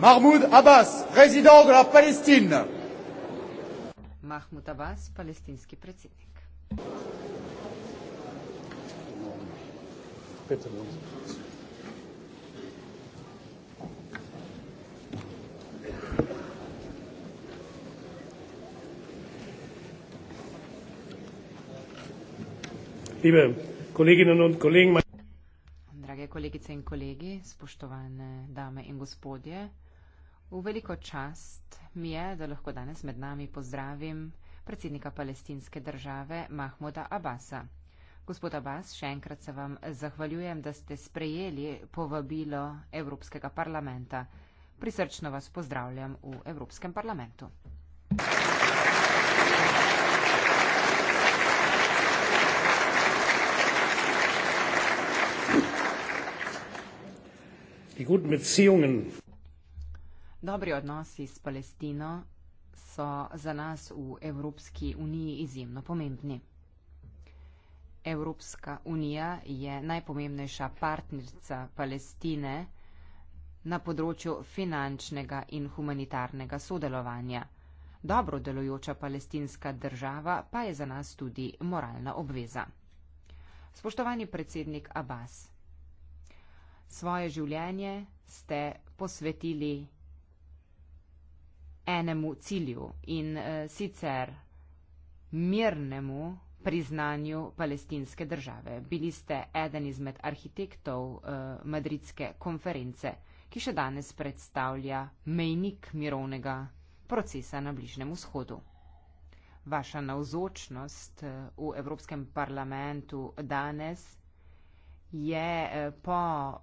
Mahmoud Abbas, président de la Palestine. Mahmoud Abbas, palestinski predsednik. Liebe Kolleginnen und Kollegen, Drage kolegice in kolegi, spoštovane dame in gospodje, V veliko čast mi je, da lahko danes med nami pozdravim predsednika palestinske države Mahmuda Abasa. Gospod Abbas, še enkrat se vam zahvaljujem, da ste sprejeli povabilo Evropskega parlamenta. Prisrčno vas pozdravljam v Evropskem parlamentu. Die guten Beziehungen Dobri odnosi s Palestino so za nas v Evropski uniji izjemno pomembni. Evropska unija je najpomembnejša partnerica Palestine na področju finančnega in humanitarnega sodelovanja. Dobro delujoča palestinska država pa je za nas tudi moralna obveza. Spoštovani predsednik Abbas, svoje življenje ste posvetili enemu cilju in uh, sicer mirnemu priznanju palestinske države. Bili ste eden izmed arhitektov uh, Madridske konference, ki še danes predstavlja mejnik mirovnega procesa na Bližnem vzhodu. Vaša navzočnost eh, v Evropskem parlamentu danes je po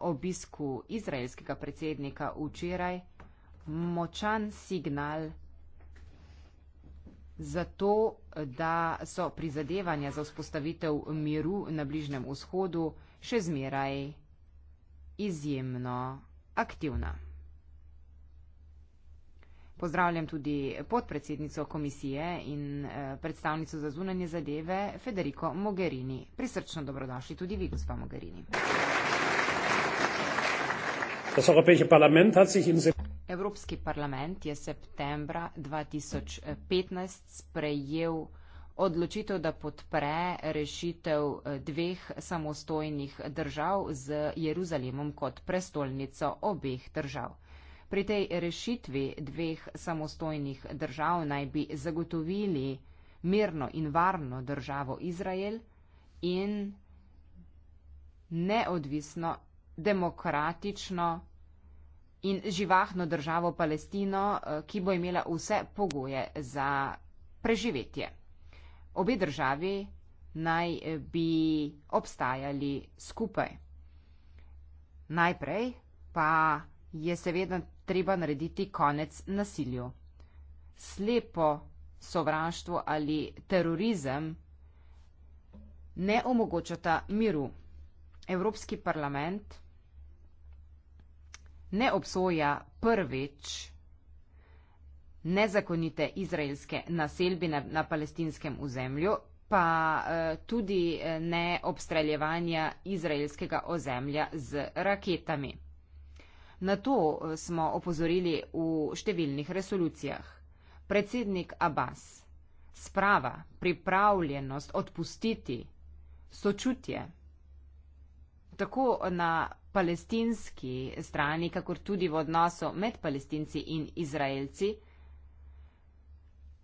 obisku izraelskega predsednika včeraj močan signal za to, da so prizadevanja za vzpostavitev miru na Bližnem vzhodu še zmeraj izjemno aktivna. Pozdravljam tudi podpredsednico komisije in eh, predstavnico za zunanje zadeve Federico Mogherini. Prisrčno dobrodošli tudi vi, gospa Mogherini. Das Europäische Parlament hat sich in Evropski parlament je septembra 2015 sprejel odločitev, da podpre rešitev eh, dveh samostojnih držav z Jeruzalemom kot prestolnico obeh držav. Pri tej rešitvi dveh samostojnih držav naj bi zagotovili mirno in varno državo Izrael in neodvisno, demokratično in živahno državo Palestino, eh, ki bo imela vse pogoje za preživetje. Obe državi naj eh, bi obstajali skupaj. Najprej pa je seveda treba narediti konec nasilju. Slepo sovraštvo ali terorizem ne omogočata miru. Evropski parlament ne obsoja prvič nezakonite izraelske naselbine na palestinskem ozemlju, pa eh, tudi eh, ne obstreljevanja izraelskega ozemlja z raketami. Na to eh, smo opozorili v številnih resolucijah. Predsednik Abbas, sprava, pripravljenost odpustiti, sočutje. Tako na palestinski strani, kakor tudi v odnosu med palestinci in izraelci.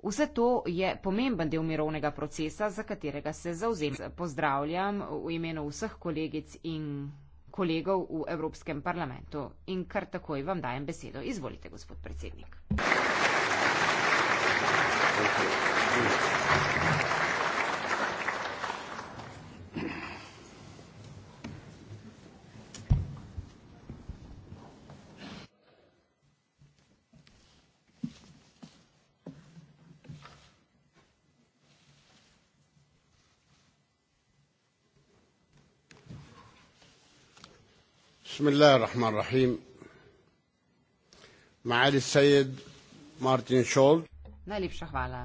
Vse to je pomemben del mirovnega procesa, za katerega se zauzemam. Pozdravljam v imenu vseh kolegic in kolegov v Evropskem parlamentu in kar takoj vam dajem besedo. Izvolite, gospod predsednik. Thank you. Thank you. بسم الله الرحمن الرحيم معالي السيد مارتن شولد Najlepša hvala.